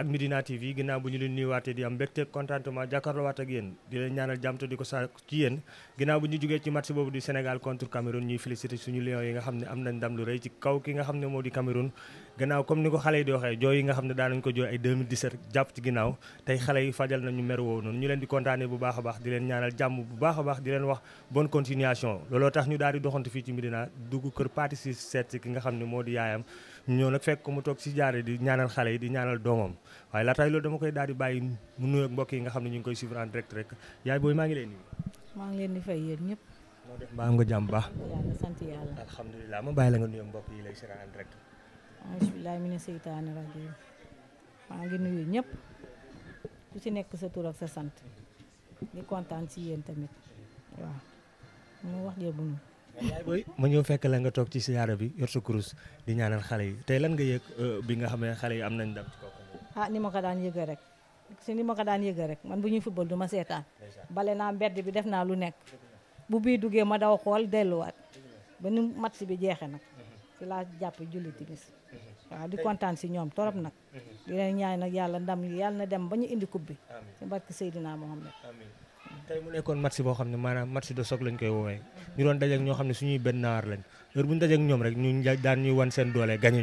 ak Medina TV ginnaaw bu ñu leen nuyuwaatee di am mbégte contentement jàkkaarloowaat ak yéen di leen ñaanal jàmm te di ko saa ci yéen ginnaaw bu ñu jógee ci match boobu di Sénégal contre Cameroun ñuy félicité suñu Lions yi nga xam ne am nañ ndam lu rëy ci kaw ki nga xam ne moo di Cameroun gannaaw comme ni ko xale yi di waxee jooy yi nga xam ne daanañ ko jooy ay 2017 jàpp ci ginnaaw tey xale yi fajal nañu mer woowu noonu ñu leen di kontaane bu baax a baax di leen ñaanal jàmm bu baax a baax di leen wax bonne continuation looloo tax ñu daal di doxantu fii ci Médina dugg kër parti si seet si ki nga xam ne moo di yaayam ñoo nag fekk ko mu toog si jaare di ñaanal xale yi di ñaanal doomam waaye laa tay loolu dama koy daal di bàyyi mu nuyu ak mbokk yi ne ñu ngi koy suivre en direct rek yaay booy maa ma bàyyi la nga nuyu mbokk yi lay suivre billahi mina seytaani rajim waa ngi nuyu ñëpp ku ci nekk sa tur sa sant di kontaan si yéen tamit waaw mu wax jee bu ñu ma ñëw fekk la nga toog ci siyaara bi yor sa kurus di ñaanal xale yi tey lan nga yëg euh, bi nga xam ne xale yi am nañ ndam ci kooku ah ni ma ko daan yëgee rek si ni ma ko daan yége rek man bu ñuy football du ma seetaan bale naa mbedd bi def naa lu nekk bu bii duggee ma daw xool delluwaat ba nu match bi jeexee nag si mhm. laa jàpp julli timis waaw di kontaan si ñoom torop nag nekkoon match boo xam ne maanaam match de choc lañ koy woowee ñu doon dajeek ñoo xam ne suñuy benn naar lañ heure bu ñu ñoom rek ñu daan ñuy wan seen doole gañe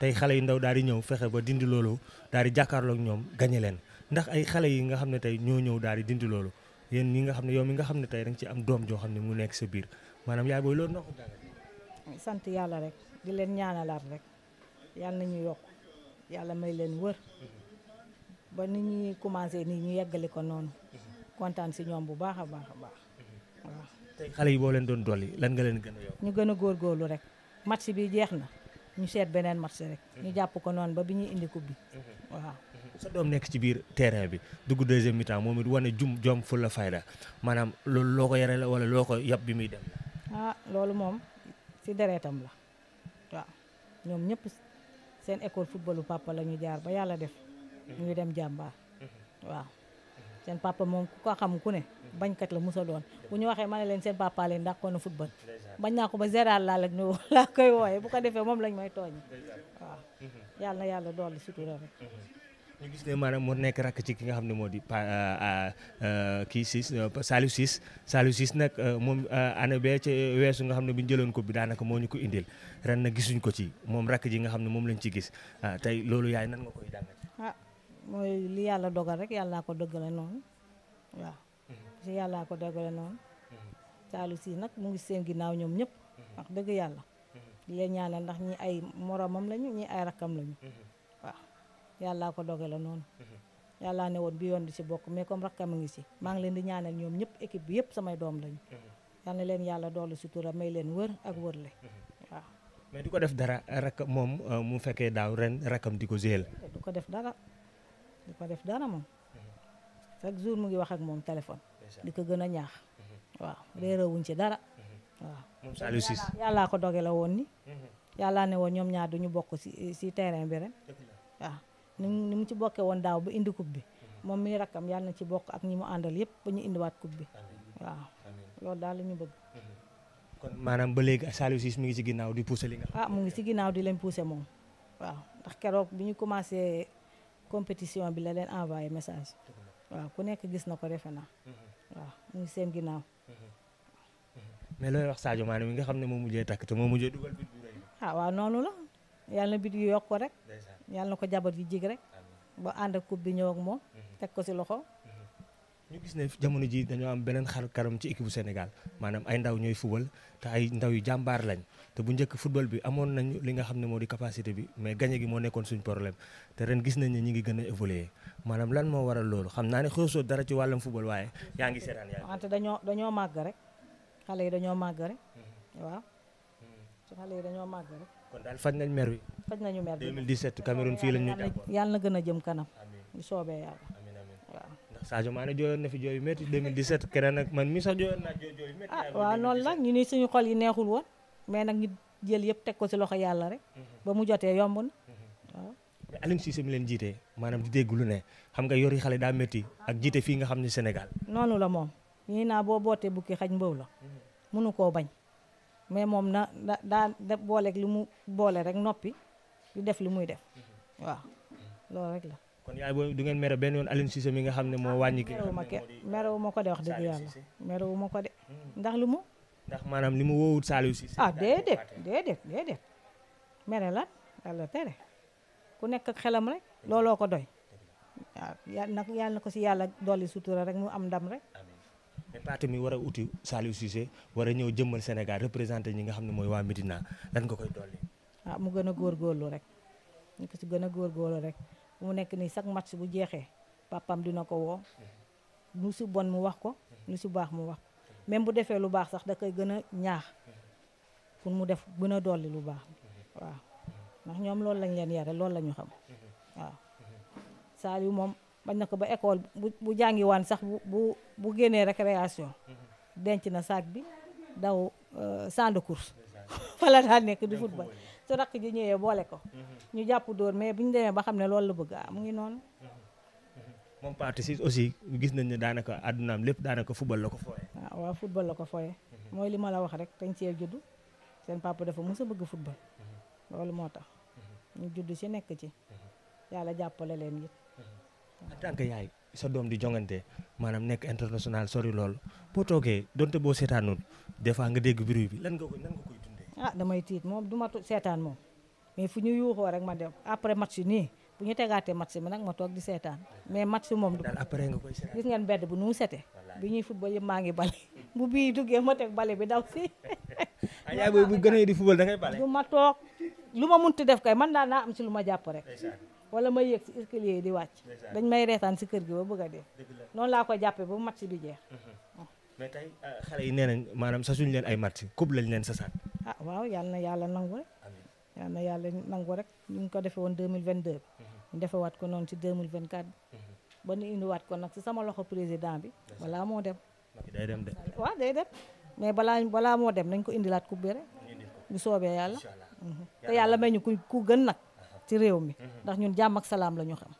tey xale yu ndaw daal di ñëw fexe ba dindi loolu daal di jàkkaarloog ñoom gañe leen ndax ay xale yi nga xam ne tey ñoo ñëw daal di dindi loolu yéen ñi nga xam ne yow mi nga xam ne tey danga ci am doom joo xam ne mu nekk sa biir maanaam di leen ñaanalaat rek yàlla nañu yokk yàlla may leen wër ba ni ñuy commencé nii ñu yeggale ko noonu kontaan si ñoom bu baax a baax a baax waaw. tey xale yi boo leen doon dolli lan nga leen gën a yokk. ñu gën a góorgóorlu rek match bi jeex na ñu seet beneen match rek. ñu jàpp ko noonu ba bi ñuy indi coupe bi waaw. sa doom nekk ci biir terrain bi dugg deuxième mi moom it wane jum jom fu la fayda maanaam loolu loo ko yare la wala loo ko yab bi muy dem. ah loolu moom si deretam la seen école footballu papa la ñu jaar ba yàlla def mhm. ñuy dem jàmbaar mhm. waaw seen papa moom ku ko xam ku ne mhm. bañkat la musa doon bu ñu waxee ma ne leen seen papa leen ndax koona football bañ naa ko ba Gérard laa la ñu laa koy wooye bu ko defee moom lañ may tooñ waaw yàlla na yàlla dolli sutura rek ñu gis ne maanaam moo nekk rakk ci ki nga xam ne moo di pa euh, euh, euh, kii Ciss Saliou Ciss Saliou Ciss nag moom année bee ci weesu nga xam ne bi ñu jëloon ko bi daanaka moo ñu ko indil ren na gisuñ ko ci moom rakk ji nga xam ne moom lañ ci gis tey loolu yaay nan nga koy jàngat. ah mooy li yàlla dogal rek yàlla ko dëggale noonu waaw. ci mm-hmm. yàllaa ko dëggale noonu. Mm-hmm. Saliou Ciss nag mu ngi seen ginnaaw ñoom ñëpp. Mm-hmm. wax dëgg yàlla. di leen ñaanal ndax ñi ay moromam lañu ñi ay rakkam lañu. yàllaa ko doge la noonu yàllaa ne woon bi yoon di si bokk mais comme rakkam a ngi si maa ngi leen di ñaanal ñoom ñëpp équipe bi yëpp samay doom lañu yal na leen yàlla dolli sutura may leen wër ak wër le waaw moom euh, mu fekkee daaw ren rakkam di ko géel du ko def dara du ko def dara moom chaque jour mu ngi wax ak di ko gën a ñaax mhm. waaw réerawuñ ci dara mhm. waaw moom Saliou Ciss doge la woon ni mhm. yàllaa ne woon ñoom ñaar duñu bokk si si bi ren ni mu ci bokkee woon daaw ba indi coupe bi moom mi rakkam yàlla na ci bokk ak ñi mu àndal yëpp ba ñu indiwaat coupe bi waaw loolu daal la ñu bëgg. kon maanaam ba léegi Saliou Ciss mi ngi ci ginnaaw di pousser li nga. Ah, mu ngi ci ginnaaw di leen pousser moom waaw ndax bi ñu commencé compétition bi la leen envoyé ku nekk gis na ko defe naa mm-hmm. waaw mu ngi seen ginnaaw. Mm-hmm. Mm-hmm. mais looy wax Sadio Mané nga xam ne moo mujjee takk te moo mujjee dugal bit bu rëy ah, rek. yàlla na ko jabar ji jig rek ba ànd ak coupe bi ñëw ak moom mhm. teg ko si loxo mhm. ñu gis ne jamono ji dañoo am beneen xar kanam ci équipe bu Sénégal maanaam ay ndaw ñooy fubal te ay ndaw yu jàmbaar lañ te bu njëkk football bi amoon nañ li nga xam ne moo di capacité bi mais gagné gi moo nekkoon suñ problème te ren gis nañ ne ñi ngi gën a évoluer maanaam lan moo waral loolu xam naa ne xëosoo dara ci wàllam football waaye yaa ngi seetaan yaa wante dañoo dañoo màgg rek xale dañoo màgg rek mhm. waaw xale dañoo màgg kon daal faj nañ mer wi. faj nañu mer bi 2017 Cameroun fii la ñu. yàlla na gën a jëm kanam. bu soobee yàlla. amiin amiin waaw. ndax jooyoon na fi jooyu métti 2017 keneen ak man mi sax jooyoon naa jooy jooyu métti. ah waaw loolu nag ñu ni suñu xol yi neexul jël yëpp teg ko ci loxo yàlla rek. Mhm. ba mu jotee yomb na mhm. waaw. mais Aliou Cissé mi leen jiite maanaam di dégg lu ne xam nga yori xale daa métti ak jiite fii nga xam ne Sénégal. noonu la moom ñii naa boo bootee bukki xaj mbaw la mënu mhm. koo bañ mais moom na daa da booleek li mu boole rek noppi di def li muy def mhm. waaw loolu rek la. kon yaay booy du ngeen mere benn yoon Aliou Cissé mi nga xam ne moo ah, wàññi. merewu ma ke merewu ma ko de wax dëgg yàlla. merewu ma ko de hmm. ndax lu mu. ndax maanaam li mu woowut Saliou Cissé. ah déedéet déedéet déedéet mere la yàlla tere ku nekk ak xelam rek looloo ko doy waaw yàlla nag na ko si yàlla dolli sutura rek mu am ndam rek. mais parti mi war a uti Saliou Cissé war a ñëw jëmmal Sénégal représenté ñi nga xam ne mooy waa Médina lan nga koy dolli. ah mu gën a góor góorgóorlu rek ñu ko ci gën a góor góorgóorlu rek mu nekk nii chaque match bu jeexee papam dina ko woo mm-hmm. lu si bon mu wax ko mm-hmm. lu si baax mu wax même bu defee lu baax sax da koy gën a ñaax mm-hmm. pour mu def gën a dolli lu baax waaw ndax ñoom loolu lañ leen yare loolu la ñu xam waaw Saliou moom. bañ na ko ba école bu bu jàngiwaan sax bu bu bu génnee récréation mhm. denc na saak bi daw champ euh, de course fala daan nekk di football su rakk ji ñëwee boole ko mhm. ñu jàpp dóor mais bu ñu demee ba xam ne loolu la bëgg a ah, mu ngi noonu mhm. moom parti si aussi gis nañ ne daanaka àddunaam lépp daanaka football la ko fooye ah, waaw football la ko fooye mooy li ma la wax rek dañ see juddu seen papa dafa mës a bëgg football loolu moo tax ñu judd si nekk ci yàlla jàppale leen it en tant que yaay sa doom di jongante maanaam nekk international sori lool boo toogee donte boo seetaanul des fois nga dégg bruit bi lan nga koy lan nga koy dundee. ah damay tiit moom du ma seetaan moom mais ma dem après bu ñu tegaatee match bi ma toog di seetaan mais match moom. du après nga koy seetaan gis ngeen mbedd bu nu bi ah, da ngay bale. du ma toog ma munti def kay man daal naa am si lu ma jàpp rek. wala may yëg si escalier yi di wàcc dañ may reetaan si kër gi ba bëgg a dee noonu laa ko jàppe ba match bi jeex mm-hmm. mais tey euh, xale yi maanaam sa suñ leen ay match coupe lañ leen sasaat ah waaw yàlla na yàlla nangu rek yàlla na yàlla nangu rek mm-hmm. ñu ngi ko defe woon 2022 ñu defewaat ko noonu ci 2024 mm-hmm. ba ñu indiwaat ko nag si sama loxo président bi balaa moo dem day dem de waaw day dem mais balaa balaa moo dem nañ ko indilaat coupe bi rek bu soobee yàlla te yàlla may ñu ku ku gën nag ci réew mi mhm. ndax ñun jàmm ak salaam la ñu xam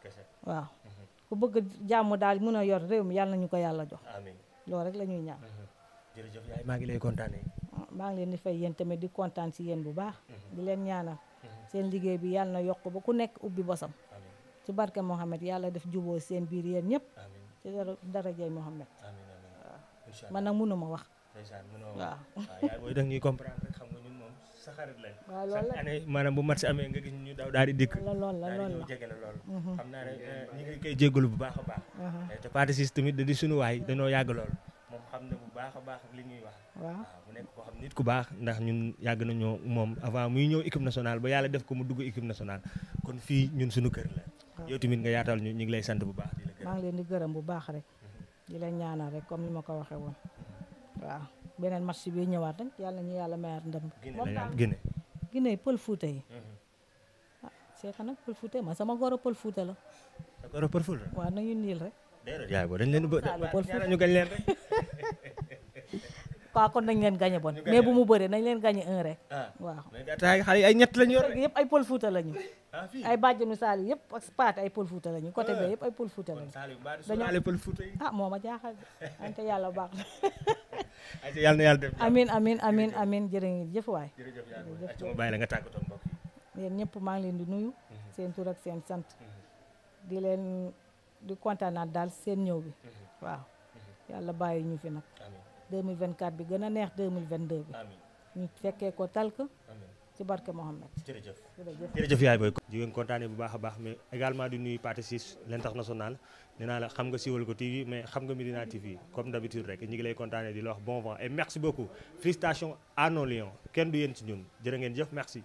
waaw mhm. ku bëgg jàmm daal mën a yor réew mi yàlla ñu ko yàlla jox lool rek la ñuy ñaan mhm. jërëjëf yaay maa ngi lay kontaanee ah, maa ngi leen di fay yéen tamit di kontaan si yéen bu baax di leen ñaanal seen liggéey bi yàlla na yokk ba ku nekk ubbi bosam ci barke Mohamed yàlla def juboo seen biir yéen ñëpp ci darajay Mohamed waaw man nag mënuma wax waaw sa xarit la waaw loolu la maanaam bu match amee nga gis ñu daw daal di dikk loolu la loolu la jege la loolu mhm. xam naa ne eh, koy jégalu bu baax a baax mhm. eh, te tamit da di sunu waay dañoo yàgg lool moom xam na bu baax a baax li ñuy wax waaw mu nekk koo xam nit ku baax ndax ñun yàgg nañoo moom avant muy ñëw équipe nationale ba yàlla def ko mu dugg équipe nationale kon fii ñun suñu kër la yow tamit nga yaatal ñu ñu lay sant bu baax di la gërëm bu baax rek mhm. di la ñaanal rek comme ni beneen match bi ñëwaat rek yàlla ñu yàlla mayaat ndam. Guinée Guinée pël Fuuta yi. Mhm. ah c'est nag pël Fuuta ma sama goro pël Fuuta la. sa goro pël Fuuta. waaw nañu niil rek. déedéet yaay boo dañ leen bë. ñu gañ leen rek. waaw kon nañ leen gagné bon mais bu mu bëree nañ leen gagné un rek. Ah. waaw mais xale ay ñett lañu yor yëpp ay pël Fuuta lañu. Ah, ay bàjjenu Saali yëpp ak Paate ay pël Fuuta lañu côté bi ah. yëpp ay pël Fuuta lañu. dañoo ah moom a jaaxal ante yàlla baax na. yàlla na yàlla def amiin amiin amiin amiin jërë waay jërëjëf ma bàyyi ñëpp maa ngi leen di nuyu mhm. seen tur seen sant di leen di kontaanaat daal seen ñëw bi mhm. waaw mhm. yàlla bàyyi ñu fi nag 2024 bi gën a neex 2022 bi ñu fekkee ko talk ci barke Mohamed. jërëjëf jërëjëf yaay booy. di kontaanee bu baax a baax mais également di nuyu Pathé Ciss l'international nee la xam nga siiwal ko TV mais xam nga Medina TV comme d'habitude rek ñu ngi lay kontaanee di la wax bon vent et merci beaucoup félicitations à nos kenn du yéen ci ñun jërë ngeen jëf merci.